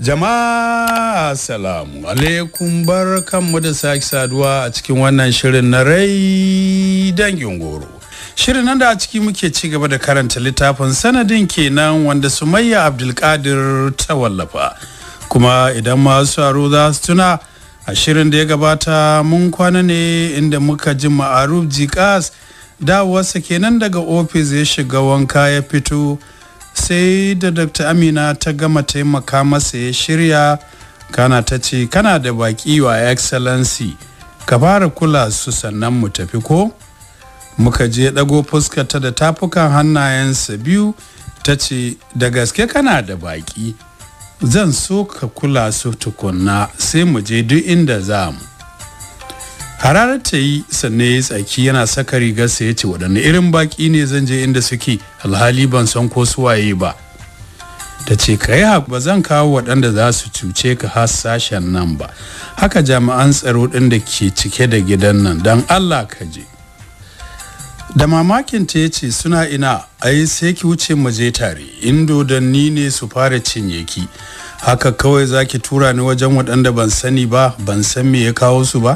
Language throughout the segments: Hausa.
Jama'a Assalamu alaikum bar mu da sake saduwa a cikin wannan shirin na rai dangin goro. Shirin nan da a ciki muke ci gaba da karanta littafin sanadin kenan wanda Sumayya Abdulkadir ta wallafa. Kuma idan masu aro za su tuna a shirin da ya gabata mun kwana ne inda muka ji ma'aruf jikas dawowarsa kenan daga ofis ya shiga wanka ya fito. sai da dr amina ta gama taimaka masa ya shirya kana ta ce kana da baki wa excellency ka fara kula su sannan mu tafi ko muka je ɗago ta da tafukan hannayensa biyu ta ce da gaske kana da baki zan so ka kula su tukunna sai mu je duk inda za mu hararar ta yi sanne ya tsaki yana saka rigarsa ya ce waɗanne irin baƙi ne zan je inda suke alhali ban san ko suwaye ba ta ce ka yi ba zan kawo waɗanda za su cuce ka har sashen nan ba haka jami'an tsaro ɗin da ke cike da gidan nan don allah ka je da mamakin ta ce suna ina ai sai ki wuce mu je tare indo da ni ne su fara cinye ki haka kawai za ki tura ni wajen waɗanda ban sani ba ban san me ya kawo su ba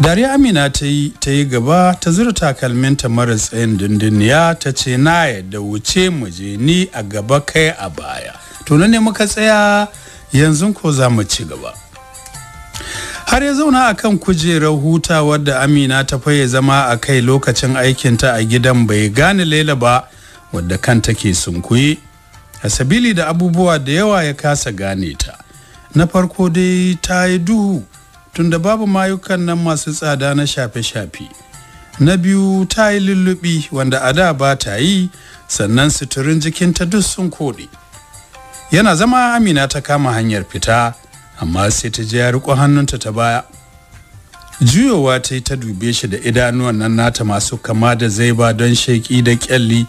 dariya amina ta yi ta yi gaba ta zura takalminta mara tsayin dindiniya ta ce na yadda wuce mu ni a gaba kai a baya to ne muka tsaya yanzu ko za mu ci gaba har ya zauna a kan kujerar huta wadda amina ta faye zama a kai lokacin aikinta a gidan bai gane laila ba wadda kanta ke sunkuye a sabili da abubuwa da yawa ya kasa gane ta na farko dai ta yi duhu tunda babu mayukan nan masu tsada na shafe-shafe na biyu ta yi lullubi wanda a da ba ta yi sannan suturin jikinta duk sun koɗe yana zama amina ta kama hanyar fita amma sai ta ji ya riko hannunta ta baya juyowa ta yi ta dube shi da idanuwan nan nata masu kama da zai ba don sheƙi da ƙyalli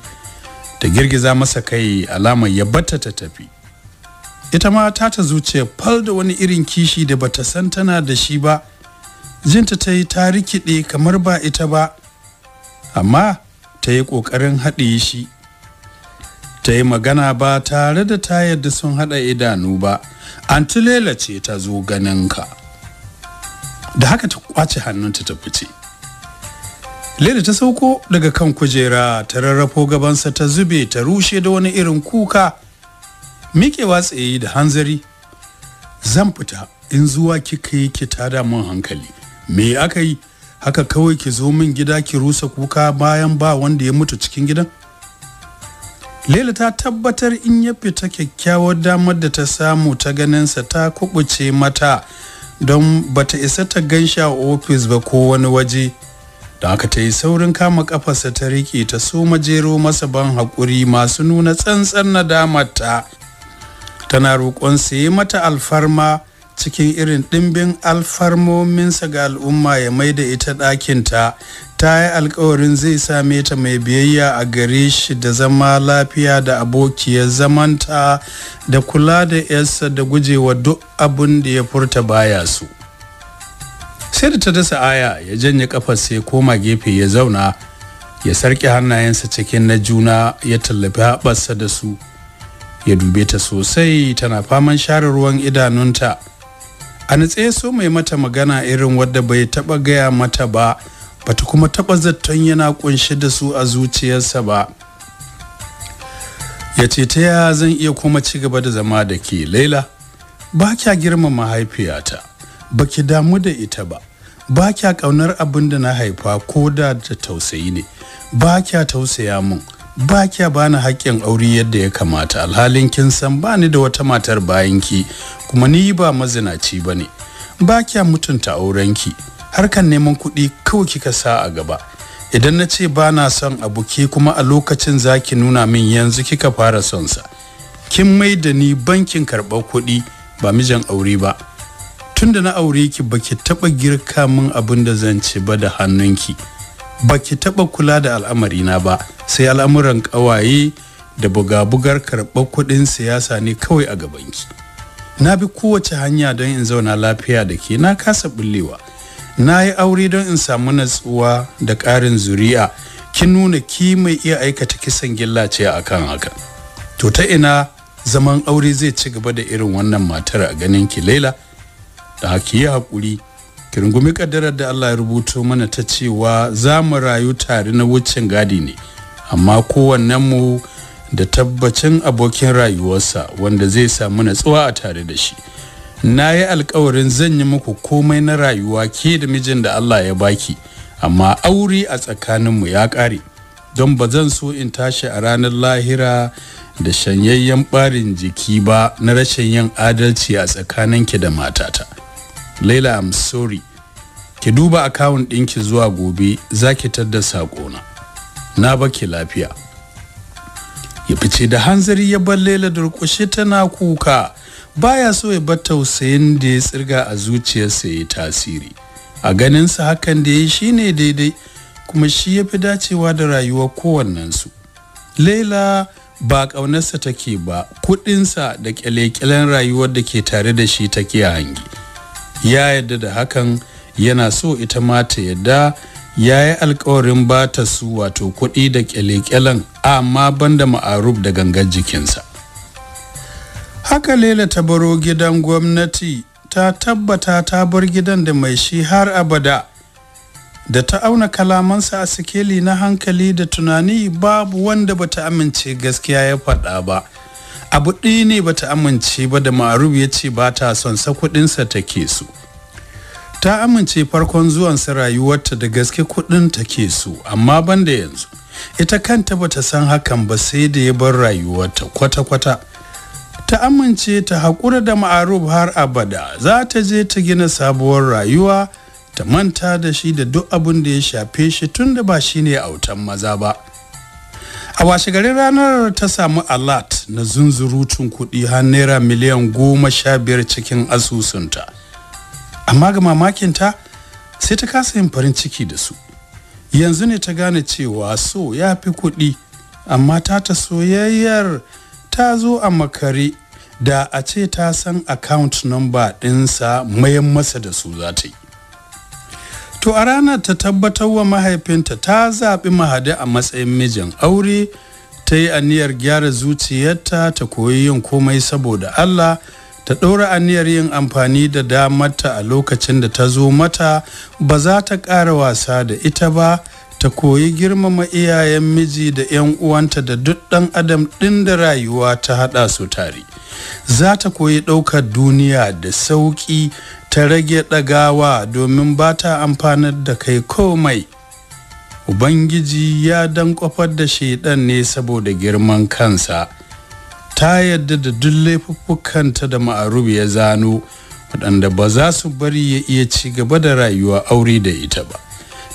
ta girgiza masa kai alamar ya batta ta tafi ita ma ta ta zuciya fal da wani irin kishi da bata san tana da shi ba jinta ta yi ta rikide kamar ba ita ba amma ta yi ƙoƙarin haɗe shi ta yi magana ba tare da ta yadda sun haɗa idanu ba Lela ce ta zo ganin ka. da haka ta kwace hannunta ta fice Leda ta sauko daga kan kujera ta rarrafo gabansa ta zube ta rushe da wani irin kuka mikewa tsaye da hanzari zan fita in zuwa kika yi ki tada mun hankali me aka yi haka kawai ki zo min gida ki rusa kuka bayan ba wanda ya mutu cikin gidan Laila ta tabbatar in ya fita kyakkyawar damar da ta samu ta ganinsa ta kubuce mata don bata isa ta gansha a ofis ba ko wani waje don aka ta saurin kama kafarsa ta riƙe ta so majero masa ban haƙuri masu nuna tsantsan na ta tana roƙon su yi mata alfarma cikin irin ɗimbin alfarmominsa ga al'umma ya mai da ita ɗakinta ta yi alkawarin zai same ta mai biyayya a gare shi da zama lafiya da abokiyar zamanta da kula da yarsa da gujewa duk abin da ya furta baya su sai da ta dasa aya ya janye kafar sai koma gefe ya zauna ya sarki hannayensa cikin na juna ya tallafi haɓarsa da su ya dube ta sosai tana faman share ruwan idanunta a nutse so mai mata magana irin wadda bai taba gaya mata ba bata kuma taba zaton yana ƙunshi da su a zuciyarsa ba ya ce ta ya zan iya kuma ci gaba da zama da ke laila ba kya girma mahaifiyata ba ki damu da ita ba ba kya kaunar abin da na haifa ko da da tausayi ne ba kya tausaya mun ba kya bani haƙƙin aure yadda ya kamata alhalin kin san bani da wata matar bayan ki kuma ni ba mazinaci ba ne. ba kya mutunta auren ki harkan neman kuɗi kawai kika sa a gaba idan na ce ba na son abu ke kuma a lokacin zaki nuna min yanzu kika fara son sa kin mai da ni bankin karɓar kuɗi ba mijin aure ba tunda na aure ki baki taɓa girka min abin da zan ci ba da hannunki baki taɓa kula da al'amari na ba sai al'amuran ƙawaye da buga-bugar karɓar kuɗin siyasa ne kawai a gabanki na bi kowace hanya don in zauna lafiya da ke na kasa bullewa na yi aure don in samu natsuwa da ƙarin zuri'a ki nuna ki mai iya aikata kisan gillace ce a kan haka to ta ina zaman aure zai ci gaba da irin wannan matar a ganin ki laila da ki yi haƙuri rungumi kaddarar da Allah ya rubuto mana ta cewa za mu rayu tare na wucin gadi ne amma mu da tabbacin abokin rayuwarsa wanda zai samu natsuwa a tare da shi na yi alkawarin zan yi muku komai na rayuwa ke da mijin da Allah ya baki amma aure a tsakaninmu ya ƙare don ba zan so in tashi a ranar lahira da shanyayyen ɓarin jiki ba na rashin yin adalci a tsakaninki da matata. Laila I'm sorry ki duba akawun ɗinki zuwa gobe za ki tadda saƙona na baki lafiya ya fice da hanzari ya balle la durƙushe tana kuka baya so ya bar tausayin da ya tsirga a zuciyarsa ya tasiri a ganinsa hakan da ya shi ne daidai kuma shi ya fi dacewa da rayuwar kowannensu laila ba ƙaunarsa take ba kuɗinsa da ƙyale-ƙyalen rayuwar da ke tare da shi take hangi ya yarda da hakan yana so ita ma ta yadda ya yi alkawarin ba ta su wato kuɗi da kyale-kyalen amma banda ma'aruf da gangar jikinsa haka lela ta baro gidan gwamnati ta tabbata ta bar gidan da mai shi har abada da ta auna kalamansa a sikeli na hankali da tunani babu wanda bata amince gaskiya ya faɗa ba abu ɗi ne bata amince ba da ma'aruf ya ce ba ta son sa kuɗinsa take su ta amince farkon zuwansa rayuwarta da gaske kudin ke so amma banda yanzu ita kanta bata san hakan ba sai da ya bar rayuwarta kwata-kwata ta amince ta haƙura da ma'aruf har abada za ta je ta gina sabuwar rayuwa ta manta da shi da duk abin da ya shafe shi tun da ba shi ne autan maza ba a washegarin ranar ta samu alat na zunzurutun kuɗi har naira miliyan goma sha biyar cikin asusunta amma ga mamakin ta sai ta kasa yin farin ciki da su yanzu ne ta gane cewa so ya fi kuɗi amma ta ta soyayyar ta zo a makare da a ce ta san account number ɗinsa mayan masa da su za ta yi to a ranar ta tabbatar wa mahaifinta ta zaɓi mahadi a matsayin mijin aure ta yi aniyar gyara zuciyarta ta koyi yin komai saboda allah ta ɗora aniyar yin amfani da damarta a lokacin da ta zo mata ba za ta ƙara wasa da ita ba ta koyi girmama iyayen miji da 'yan uwanta da duk ɗan adam ɗin da rayuwa ta haɗa su tare za ta koyi ɗaukar duniya da sauƙi ta rage ɗagawa domin ba ta amfanar da kai komai ubangiji ya dan kwafar da shaidan ne saboda girman kansa ta yadda da duk laifuffukanta da ma'arubi ya zano waɗanda ba za su bari ya iya ci gaba da rayuwa aure da ita ba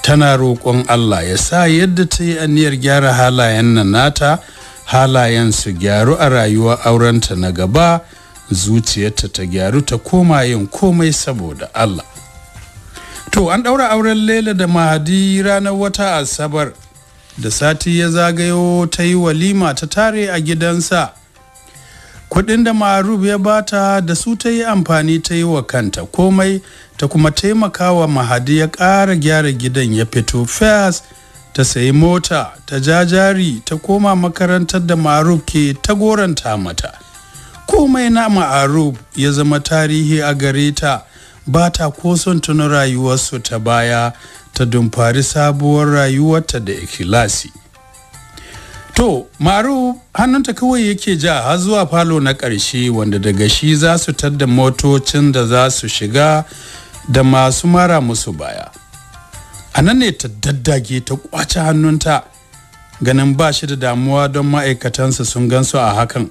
tana roƙon Allah ya sa yadda ta yi aniyar gyara halayen na nata halayen su gyaru a rayuwa aurenta na gaba zuciyarta ta gyaru ta koma yin komai saboda Allah to an ɗaura auren lela da mahadi ranar wata asabar da sati ya zagayo ta yi walima ta tare a gidansa kudin da ma'aruf ya bata da su ta yi amfani ta yi wa kanta komai ta kuma taimaka wa mahadi ya ƙara gyara gidan ya fito fes ta sayi mota ta jajari ta koma makarantar da ma'aruf ke ta goranta mata komai na ma'aruf ya zama tarihi a gare ta ba ta ko son tuna rayuwarsu ta baya ta dumfari sabuwar rayuwarta da ikilasi. To, Maru hannunta kawai yake ja har zuwa falo na ƙarshe wanda daga shi za su tadda motocin da za su shiga da masu mara musu baya. A nan ne ta daddage ta kwace hannunta ganin ba shi da damuwa don ma'aikatansa sun gansu a hakan.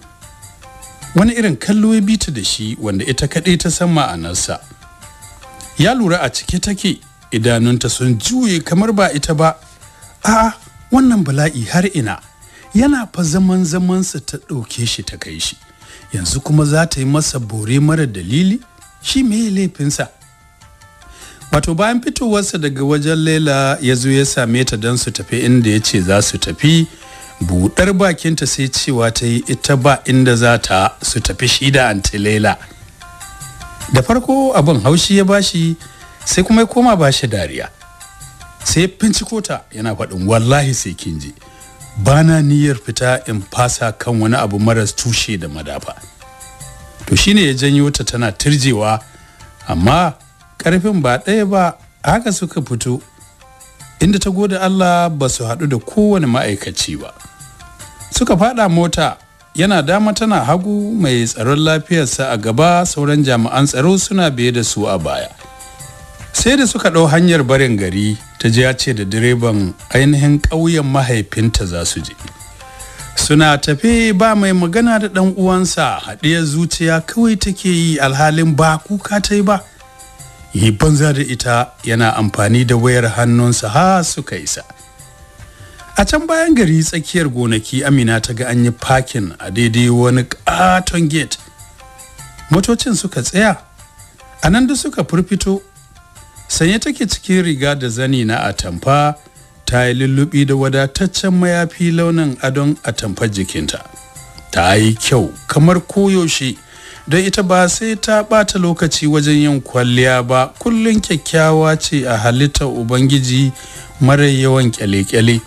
Wani irin kallo ya bi da shi wanda ita kaɗai ta san ma'anarsa. Ya lura a cike take idanunta sun juye kamar ba ita ba. A'a, wannan bala'i har ina. yana fa zaman zamansa ta ɗauke shi ta kai shi yanzu kuma za ta yi masa bore mara dalili shi me laifinsa wato bayan fitowarsa daga wajen laila ya zo ya same ta don su tafi inda ya ce za su tafi buɗar bakinta sai cewa ta yi ita ba inda za ta su tafi shi da anti laila da farko abin haushi ya bashi sai kuma ya koma bashi dariya sai finciko kota yana faɗin wallahi sai kin je ba na niyyar fita in fasa kan wani abu maras tushe da madafa to shine ya janyo ta tana turjewa amma karfin ba ɗaya ba haka suka fito inda ta gode Allah ba su haɗu da kowane ma'aikaci ba suka faɗa mota yana dama tana hagu mai tsaron lafiyarsa a gaba sauran jami'an tsaro suna biye da su a baya sai da suka ɗau hanyar barin gari ta ji ya ce da direban ainihin ƙauyen mahaifinta za su je suna tafe ba mai magana da ɗan uwansa haɗiyar zuciya kawai take yi alhalin ba kuka ta yi ba yi banza da ita yana amfani da wayar hannunsa ha suka isa a can bayan gari tsakiyar gonaki amina ta ga an yi fakin a daidai wani katon gate motocin suka tsaya a nan da suka furfito sanye take cikin riga da zani na atamfa ta yi lullubi da wadataccen mayafi launin adon atamfa jikinta ta yi kyau kamar koyaushe don ita ba sai ta ɓata lokaci wajen yin kwalliya ba kullum kyakkyawa ce a halittar ubangiji mara yawan kyale-kyale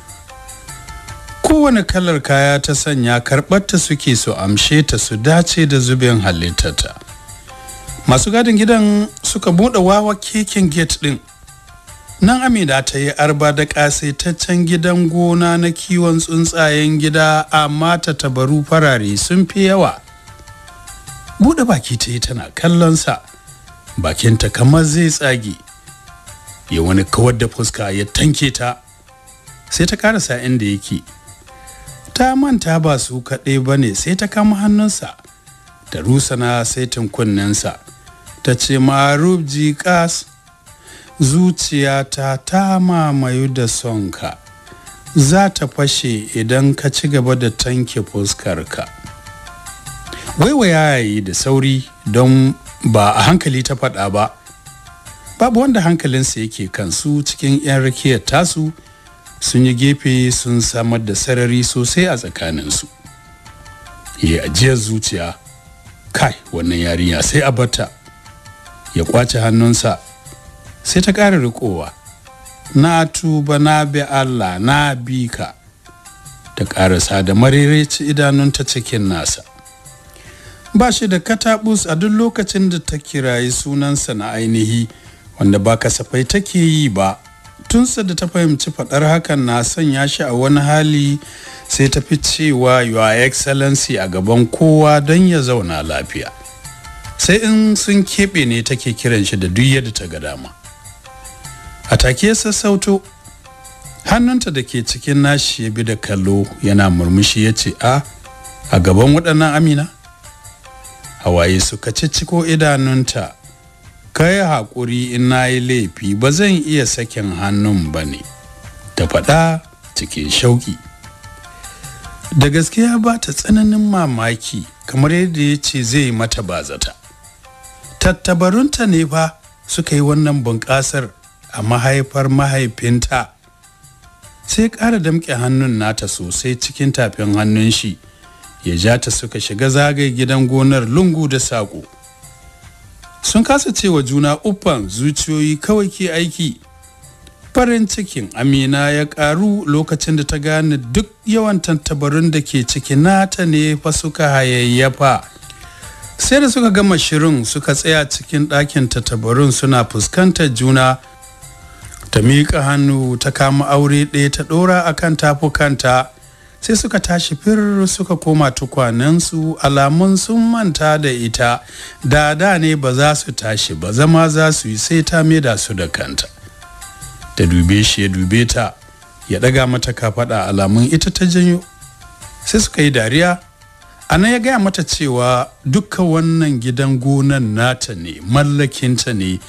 kowane kalar kaya ta sanya karɓarta suke su amshe ta su dace da zubin halittarta masu gadin gidan suka buɗe wawa keken gate ɗin nan amina ta yi arba da ƙasaitaccen gidan gona na kiwon tsuntsayen gida amma ta tabaru farare sun fi yawa buɗe baki ta yi tana kallonsa bakinta kamar zai tsage ya wani kawar da fuska ya tanke ta sai ta karasa inda yake ta manta ba su kaɗai ba ne sai ta kama hannunsa Ta rusana saitin kunnensa ta ce maruf jikas zuciyata ta mamayu da sonka za ta fashe idan ka ci gaba da tanke fuskar ka. waiwaya ya yi da sauri don ba a hankali ta faɗa ba babu wanda hankalinsa yake kansu cikin 'yan rikiyar tasu sun yi gefe sun samar da sarari sosai a tsakaninsu ya ajiyar zuciya kai wannan yarinya sai a bata ya kwace hannunsa sai ta ƙara rikowa na tuba na bi Allah na bi ka ta ƙarasa da idanun idanunta cikin nasa ba shi da katabus a duk lokacin da ta kirayi sunansa na ainihi wanda ba kasafai take yi ba tunsa da ta fahimci faɗar hakan na sanya shi a wani hali sai ta fi cewa your excellency a gaban kowa don ya zauna lafiya sai in sun keɓe ne take kiran shi da duk yadda ta ga dama a take sassauto hannunta da ke cikin nashi ya bi da kallo yana murmushi ya ce a a gaban waɗannan amina hawaye suka cicciko idanunta kai haƙuri in na yi laifi ba zan iya sakin hannun ba ne ta faɗa cikin shauƙi da gaskiya ba ta tsananin mamaki kamar yadda ya ce zai mata bazata tattabarunta ne ba suka yi wannan bunƙasar a mahaifar mahaifinta sai ƙara damƙe hannun nata sosai cikin tafin hannun shi ya ja ta suka shiga zagaye gidan gonar lungu da saƙo sun kasa cewa juna uffan zuciyoyi kawai ke aiki farin cikin amina ya ƙaru lokacin da ta gane duk yawan tantabarun da ke ciki nata ne fa suka hayayyafa sai da suka gama shirin suka tsaya cikin ɗakin tattabarun suna fuskantar juna ta miƙa hannu ta kama aure ɗaya ta ɗora a kan tafukanta sai suka tashi fir suka koma tukwanensu alamun sun manta da ita da da ne ba za su tashi ba zama za su yi sai ta da su da kanta ta dube shi ya dube ta ya ɗaga mata kafaɗa alamun ita ta janyo sai suka yi dariya ana ya gaya mata cewa duka wannan gidan gonan nata ne mallakinta ne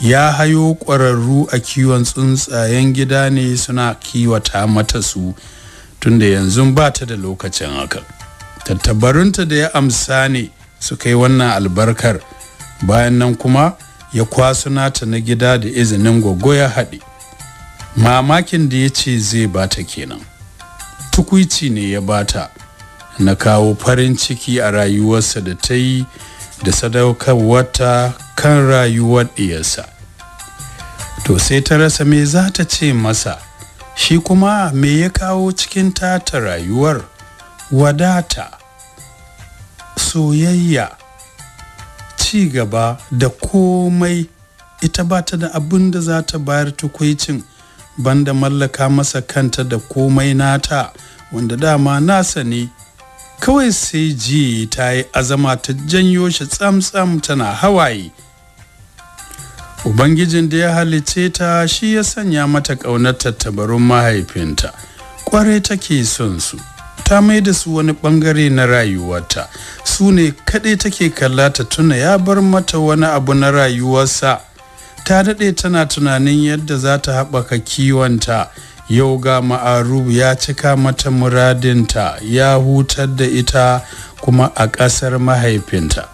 ya hayo ƙwararru a kiwon tsuntsayen gida ne suna kiwata mata su tunda yanzu ba ta da lokacin haka tattabarunta da ya amsa ne su kai wannan albarkar bayan nan kuma ya kwaso nata na gida da izinin gwaggo ya haɗe mamakin da ya ce zai bata kenan tukuici ne ya bata na kawo farin ciki a rayuwarsa da ta yi da sadaukarwata kan rayuwar ɗiyarsa to sai ta rasa me za ta ce masa shi kuma me ya kawo cikin tata rayuwar wadata soyayya ci gaba da komai ita ba ta da abin da za ta bayar tukwicin banda mallaka masa kanta da komai nata wanda dama nasa ne kawai sai ji ta yi azama ta janyo shi tsamtsam tana hawaye ubangijin da ya halice ta shi ya sanya mata ƙaunar tattabarun mahaifinta kware take son su ta mai da su wani bangare na rayuwarta su ne kaɗai take kalla ta tuna ya bar mata wani abu na rayuwarsa ta daɗe tana tunanin yadda za ta haɓaka kiwonta yau ga ma'arub ya cika mata muradinta ya hutar da ita kuma a ƙasar mahaifinta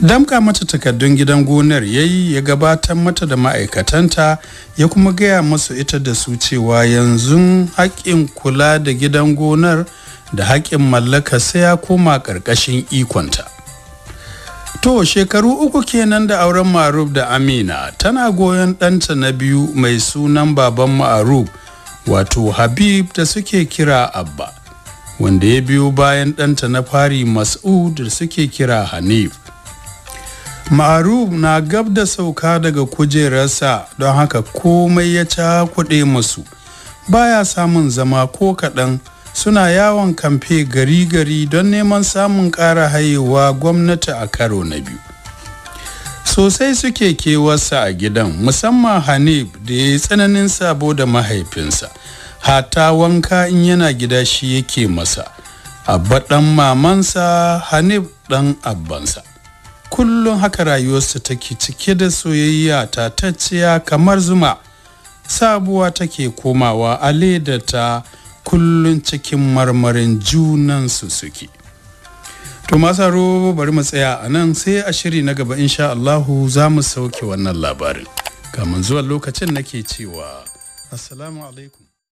damka mata takardun gidan gonar ya yi ya gabatar mata da ma'aikatanta ya kuma gaya masu ita da su cewa yanzu haƙƙin kula da gidan gonar da haƙƙin mallaka sai ya koma ƙarƙashin ikonta To shekaru uku kenan da auren Maruf da Amina tana goyon ɗanta na biyu mai sunan baban Maruf wato Habib da suke kira Abba wanda ya biyo bayan ɗanta na fari Mas'ud da suke kira Hanif. Maruf na gab da sauka daga kujerarsa don haka komai ya ca kuɗe masu baya samun zama ko kaɗan. suna yawon kamfe gari-gari don neman samun ƙara hayewa gwamnati a karo na biyu sosai suke kewarsa a gidan musamman hanif da ya yi tsananin sabo da mahaifinsa hata wanka in yana gida shi yake masa abba ɗan mamansa hanif ɗan abbansa kullum haka rayuwarsa take cike da soyayya ta, tacciya kamar zuma sabuwa take komawa a ledata ta kullun cikin marmarin junansu suke to masaro bari mu tsaya a nan sai a shiri na gaba insha Allahu za mu sauke wannan labarin kamun zuwa lokacin nake cewa assalamu alaikum